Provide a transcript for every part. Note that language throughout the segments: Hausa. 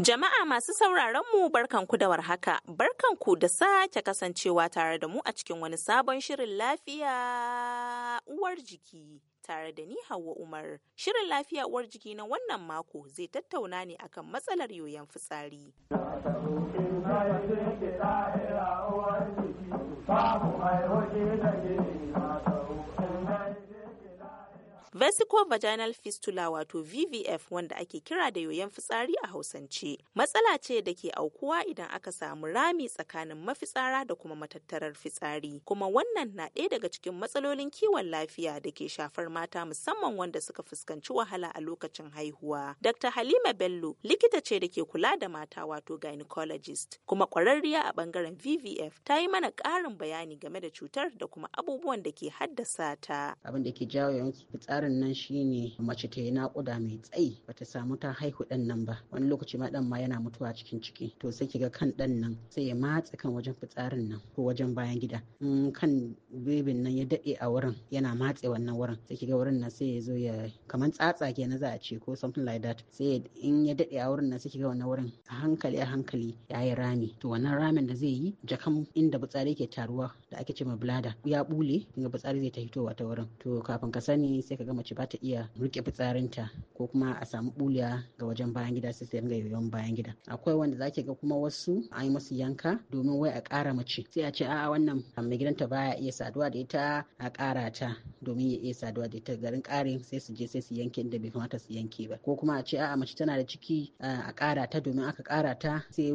Jama'a masu sauraron mu barkanku da warhaka, barkanku da sake kasancewa tare da mu a cikin wani sabon shirin lafiya uwar jiki. tare da ni Hauwa Umar. Shirin lafiya uwar jiki na wannan mako zai tattauna ne akan matsalar yoyon fitsari. 他不爱我，只爱其他女人。Vesico vaginal fistula wato VVF wanda ake kira da yoyon fitsari a Hausance. Matsala ce da ke aukuwa idan aka samu rami tsakanin mafitsara da kuma matattarar fitsari. Kuma wannan na ɗaya daga cikin matsalolin kiwon lafiya da ke shafar mata musamman wanda suka fuskanci wahala a lokacin haihuwa. Dr. Halima Bello likita ce da ke kula da mata wato gynecologist kuma kwararriya a bangaren VVF ta yi mana ƙarin bayani game da cutar da kuma abubuwan da ke haddasa ta. Abin da ke jawo yawan fitsari tsarin nan shine mace ta yi naƙuda mai tsayi bata samu ta haihu ɗan nan ba wani lokaci ma ɗan ma yana mutuwa cikin ciki to sai kiga kan ɗan nan sai ya matse kan wajen fitsarin nan ko wajen bayan gida in kan bebin nan ya dade a wurin yana matse wannan wurin sai kiga wurin nan sai ya zo ya kamar tsatsa na za a ce ko something like that sai in ya dade a wurin nan sai kiga wannan wurin a hankali a hankali ya yi rami to wannan ramin da zai yi jakan inda fitsari ke taruwa da ake ce ma blada ya bule kinga fitsari zai ta fitowa ta wurin to kafin ka sani sai ka ga mace ba ta iya rike fitsarinta ko kuma a samu buliya ga wajen bayan gida sai sai ringa yoyon bayan gida akwai wanda zaki ga kuma wasu an yi musu yanka domin wai a ƙara mace sai a ce a'a wannan mai gidanta baya iya saduwa da ita a ƙara ta domin ya iya saduwa da ita garin ƙarin sai su je sai su yanke inda bai kamata su yanke ba ko kuma a ce a'a mace tana da ciki a ƙara ta domin aka ƙara ta sai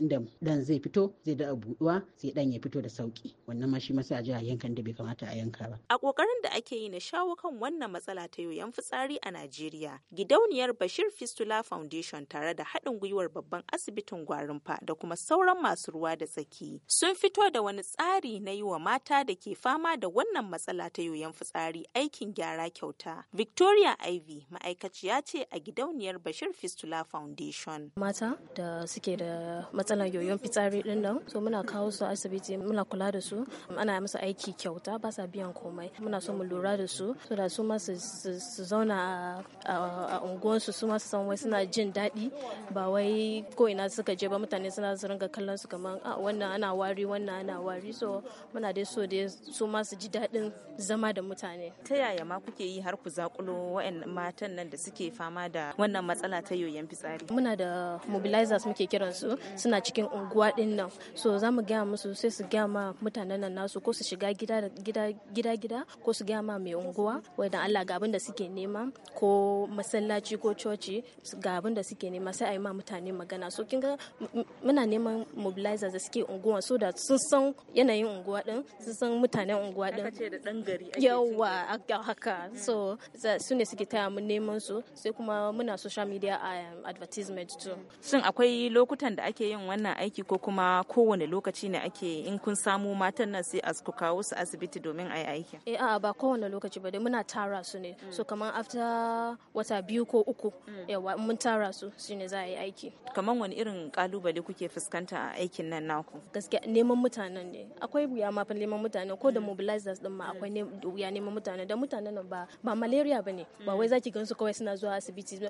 inda dan zai fito zai da buɗuwa sai dan ya fito da sauki wannan ma shi ma sai a je a yankan da bai kamata a yanka ba a ƙoƙarin da ake yi na shawo kan wannan matsala ta yoyon fitsari a Najeriya. Gidauniyar Bashir Fistula Foundation tare da haɗin gwiwar babban asibitin Gwarinfa da kuma sauran masu ruwa da tsaki sun fito da wani tsari na yi wa mata da ke fama da wannan matsala ta yoyon fitsari aikin gyara kyauta. Victoria iv ma'aikaciya ce a gidauniyar Bashir Fistula Foundation. Mata da suke da matsalar yoyon fitsari ɗin nan, so muna kawo su asibiti muna kula da su, ana musu aiki kyauta ba sa biyan komai. Muna so mu lura da su, so da su ma su zauna a unguwansu su ma su san wai suna jin daɗi ba wai ko ina suka je ba mutane suna su ringa kallon su kamar a ah, wannan ana wari wannan ana wari so muna dai so dai su ma su ji daɗin zama da mutane. Ta yaya ma kuke yi har ku zakulo wa'yan matan nan da suke fama da wannan matsala ta yoyon fitsari? Muna da mobilizers muke kiran su suna cikin unguwa ɗin nan so za mu gaya musu sai su gaya ma mutanen nan nasu ko su shiga gida gida gida ko su gaya ma mai unguwa dan Allah ga abin da suke nema ko masallaci ko coci ga abin da suke nema sai a yi ma mutane magana so kinga muna neman mobilizers da suke unguwa so da sun san yanayin unguwa din sun san mutanen unguwa din ce da haka mm-hmm. so su ne suke taya mu neman su sai kuma muna social media um, advertisement too shin akwai lokutan da ake yin wannan aiki ko kuma kowane lokaci ne ake in kun samu matan nan sai a ku kawo su asibiti domin a aiki eh a ba kowane lokaci ba dai muna ta tara su ne so kamar after wata biyu ko uku mm. yawa mun tara su ne za a yi aiki kamar wani irin kalubale kuke fuskanta a aikin nan naku gaskiya neman mutanen ne akwai wuya ma fa neman mutanen ko da mobilizers din ma akwai wuya neman mutanen da mutanen nan ba ba malaria bane ba wai mm. zaki gan su kawai suna zuwa asibiti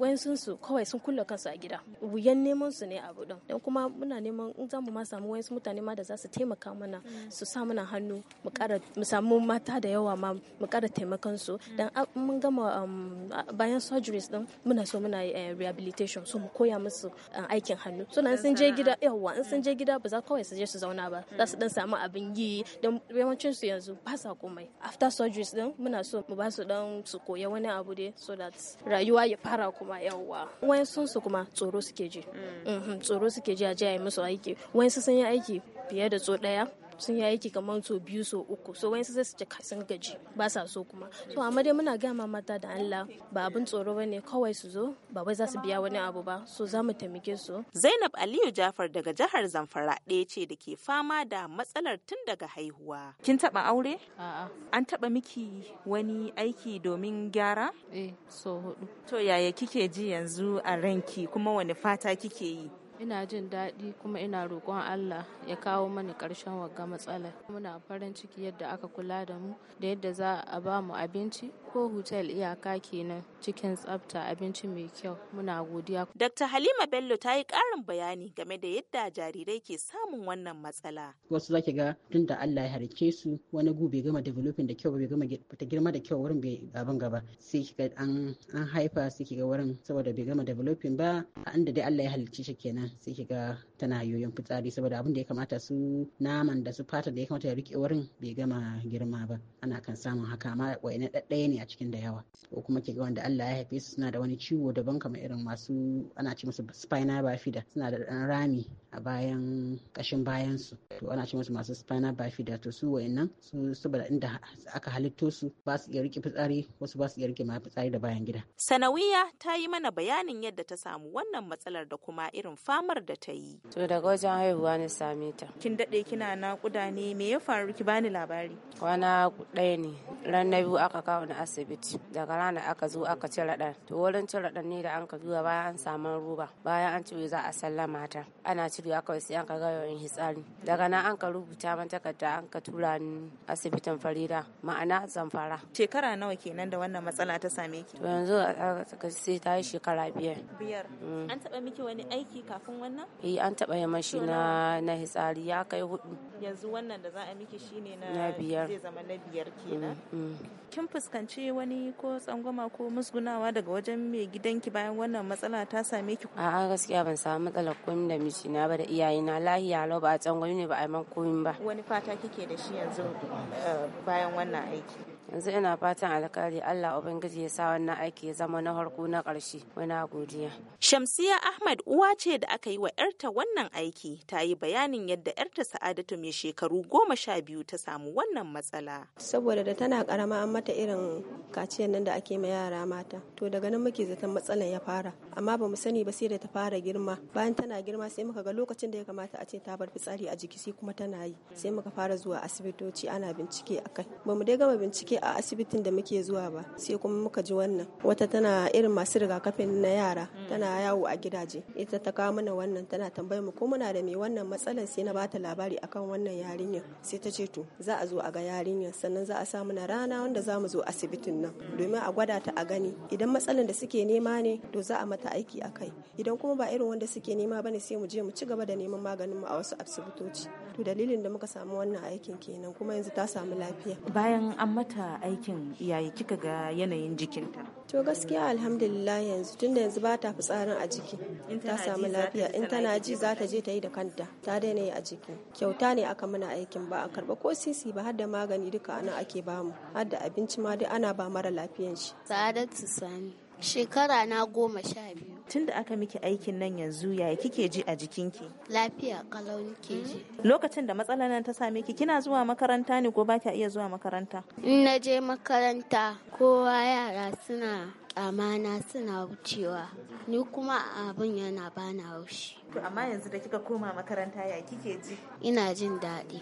wayan sun su kawai sun kulle kansu a gida wuyan neman su ne abu din dan kuma muna neman in zamu ma samu wayan mutane ma da za su taimaka mana mm. su sa mana hannu mu kara mu samu mata da yawa ma mu kara taimakon kansu mm. dan ah, mun gama um, bayan surgeries din muna so muna eh, rehabilitation so mu koya musu ah, aikin hannu so nan sun je gida yawa in sun mm. je gida ba za kawai su je su zauna ba mm. za su dan samu abin yi dan yawancin su yanzu ba sa komai after surgeries din muna so mu ba su dan su koya wani abu dai so that rayuwa ya fara kuma yawa wayan sun su kuma tsoro suke ji mm-hmm, tsoro suke ji a je a yi musu aiki wayan sun yi aiki fiye da tso daya sun yi aiki kamar so biyu so uku so wani sai su cika sun gaji ba sa so kuma so amma dai muna gaya ma mata da Allah ba abin tsoro bane kawai su zo ba wai za su biya wani abu ba so za mu taimake su Zainab Aliyu Jafar daga jihar Zamfara ɗaya ce da ke fama da matsalar tun daga haihuwa kin taba aure a'a an taba miki wani aiki domin gyara eh so hudu to yaya kike ji yanzu a ranki kuma wani fata kike yi ina jin daɗi kuma ina roƙon allah ya kawo mani ƙarshen wagga matsalar. muna farin ciki yadda aka kula da mu da yadda za a ba mu abinci ko hotel iyaka kenan cikin tsafta abinci mai kyau muna godiya. Dr. Halima Bello ta yi ƙarin bayani game da yadda jarirai ke samun wannan matsala. Wasu zaki ga tun da Allah ya harke su wani gu bai gama developing da kyau bai gama ta girma da kyau wurin bai gaban gaba sai ki ga an an haifa sai ki ga wurin saboda bai gama developing ba a inda dai Allah ya halicce shi kenan sai ki ga tana yoyon fitsari saboda abin da ya kamata su naman da su fata da ya kamata ya rike wurin bai gama girma ba ana kan samun haka amma wa'ina ɗaɗɗaya ne a cikin da yawa ko kuma ki ga wanda Allah ya haife su suna da wani ciwo daban kamar irin masu ana ce musu spina bifida suna da dan rami a bayan kashin bayan su to ana ce musu masu spina bifida to su wayannan su saboda inda aka halitto su ba su iya rike fitsari wasu ba su iya rike ma fitsari da bayan gida sanawiya ta yi mana bayanin yadda ta samu wannan matsalar da kuma irin famar da ta yi to daga wajen haihuwa ne same ta kin dade kina nakuda ne me ya faru ki bani labari kwana ɗaya ne ran na biyu aka kawo na asibiti daga rana aka zo aka cire ɗan to wurin cire ɗan ne da an ka zuwa bayan an samu ruba bayan an cire za a sallama ta ana cire aka sai an ka ga yawan hitsari daga nan an ka rubuta man takarda an ka tura ni asibitin farida ma'ana zamfara shekara nawa kenan da wannan matsala ta same ki to yanzu sai ta yi shekara biyar biyar mm. an taɓa miki wani aiki kafin wannan eh an taɓa yi mashi na na hitsari ya kai hudu yanzu wannan da za a miki shine na biyar zai zama na biyar kenan mm, mm. kin fuskanci fuskanci wani ko tsangwama ko musgunawa daga wajen mai gidanki bayan wannan matsala ta same ki? A'a gaskiya ban samu matsalar komai da mijina ba da iyayena lahiya lau ba a tsangwami ne ba a yi man komai ba. Wani fata kike da shi yanzu eh, bayan wannan aiki? yanzu ina fatan alkali Allah ubangiji ya sa wannan aiki ya zama na harko na ƙarshe muna godiya Shamsiya Ahmad uwa ce da aka yi wa yarta wannan aiki ta yi bayanin yadda yarta Sa'adatu mai shekaru goma sha biyu ta samu wannan matsala saboda da tana karama an mata irin kaciyar nan da ake ma yara mata to daga nan muke zaton matsalan ya fara amma ba mu sani ba sai da ta fara girma bayan tana girma sai muka ga lokacin da ya kamata a ce ta bar fitsari a jiki sai kuma tana yi sai muka fara zuwa asibitoci ana bincike akai ba mu dai gama bincike bincike a asibitin da muke zuwa ba sai kuma muka ji wannan wata tana irin masu rigakafin na yara mm. tana yawo a gidaje ita ta kawo mana wannan tana tambayar mu ko muna da me wannan matsalar sai na bata labari akan wannan yarinyar sai ta ce to za a zo a ga yarinyar sannan za a sa mana rana wanda za mu zo asibitin nan domin a gwada ta a gani idan matsalar da suke nema ne to za a mata aiki a kai idan kuma ba irin wanda suke nema bane sai mu je mu ci gaba da neman maganin mu a wasu asibitoci to dalilin da muka samu wannan aikin kenan kuma yanzu ta samu lafiya bayan an mata kika aikin yayi kika ga yanayin jikinta to gaskiya alhamdulillah yanzu tun da yanzu ba ta fitsarin a jiki in ta samu lafiya in tana ji za ta je ta yi da kanta ta daina yi a jiki kyauta ne aka mana aikin ba a karba ko sisi ba har da magani duka ana ake bamu har da abinci ma duk ana ba mara lafiyan shi sa'adatu sani shekara na goma sha biyu tun da aka miki aikin nan yanzu yaya kike ji a jikinki lafiya kalau nike ji hmm. lokacin da matsalar nan ta same ki kina zuwa makaranta ne ko ba iya zuwa makaranta in na je makaranta kowa yara suna kyamana suna wucewa ni kuma abin yana bana haushi. to amma yanzu da kika koma makaranta ya kike ji? Ina jin daɗi.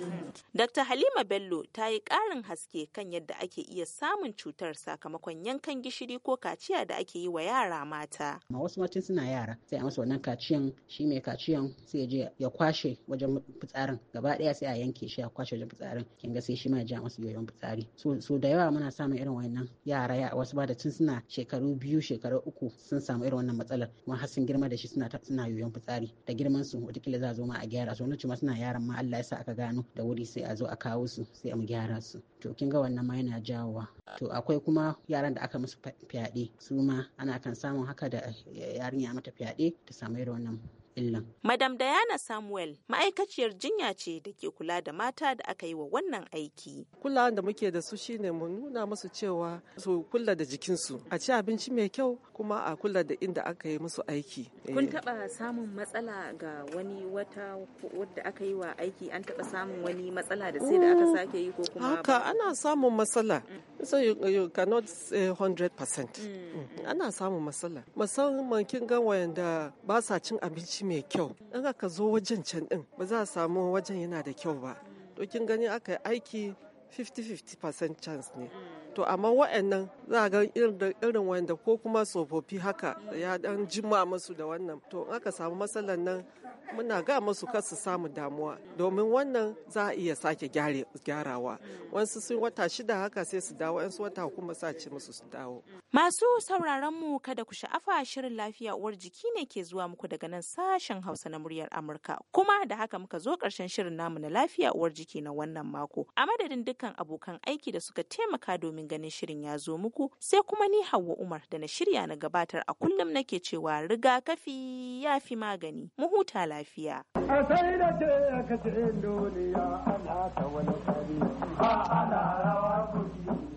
Dr. Halima Bello ta yi ƙarin haske kan yadda ake iya samun cutar sakamakon yankan gishiri ko kaciya da ake yi wa yara mata. Ma wasu matan suna yara sai a masa wannan kaciyan shi mai kaciyan sai je ya kwashe wajen fitsarin gaba ɗaya sai a yanke shi ya kwashe wajen fitsarin kin ga sai shi ma ya a masa yoyon fitsari. So da yawa muna samun irin wannan yara wasu ba da tun suna shekaru shekaru biyu shekaru uku sun samu irin wannan matsalar kuma har sun girma da shi suna suna yoyon fitsari da girman su Wataƙila za a zo ma a gyara su wani ma suna yaran ma Allah ya sa aka gano da wuri sai a zo a kawo su sai a mu gyara su to kin ga wannan ma yana jawowa to akwai kuma yaran da aka musu fyaɗe su ma ana kan samun haka da yarinya mata fyaɗe ta samu irin wannan Madam Diana Samuel ma'aikaciyar jinya ce da ke kula da mata da aka yi wa wannan aiki. Kula da muke da su shine mu nuna musu cewa su kula da jikinsu a ci abinci mai kyau kuma a kula da inda aka yi musu aiki. Kun eh. taba samun matsala ga wani wata wadda aka yi wa aiki an taba samun wani matsala da sai da aka mm. sake yi ko kuma haka ana samun matsala so you, you cannot say 100% percent mm. ana samun matsala musamman kin gan wayanda ba sa cin abinci mai kyau in aka zo wajen can din ba za a samu wajen yana da kyau ba to kin gani aka yi aiki 50-50% chance ne to amma wa'annan za a ga irin wayanda ko kuma tsofaffi haka ya dan jima masu da wannan to aka samu matsalan nan muna ga masu kasu su samu damuwa domin wannan za a iya sake gyarawa wasu sun wata shida haka sai su dawo wasu wata kuma sa ce musu su dawo masu sauraron mu kada ku sha'afa shirin lafiya uwar jiki ne ke zuwa muku daga nan sashen hausa na muryar amurka kuma da haka muka zo karshen shirin namu na lafiya uwar jiki na wannan mako a madadin dukkan abokan aiki da suka taimaka domin ganin shirin ya zo muku sai kuma ni hawa umar da na shirya na gabatar a kullum nake cewa rigakafi ya fi magani mu huta lafiya lafiya. A sai ce aka ce duniya ana ta wani kari, ana rawa kuɗi.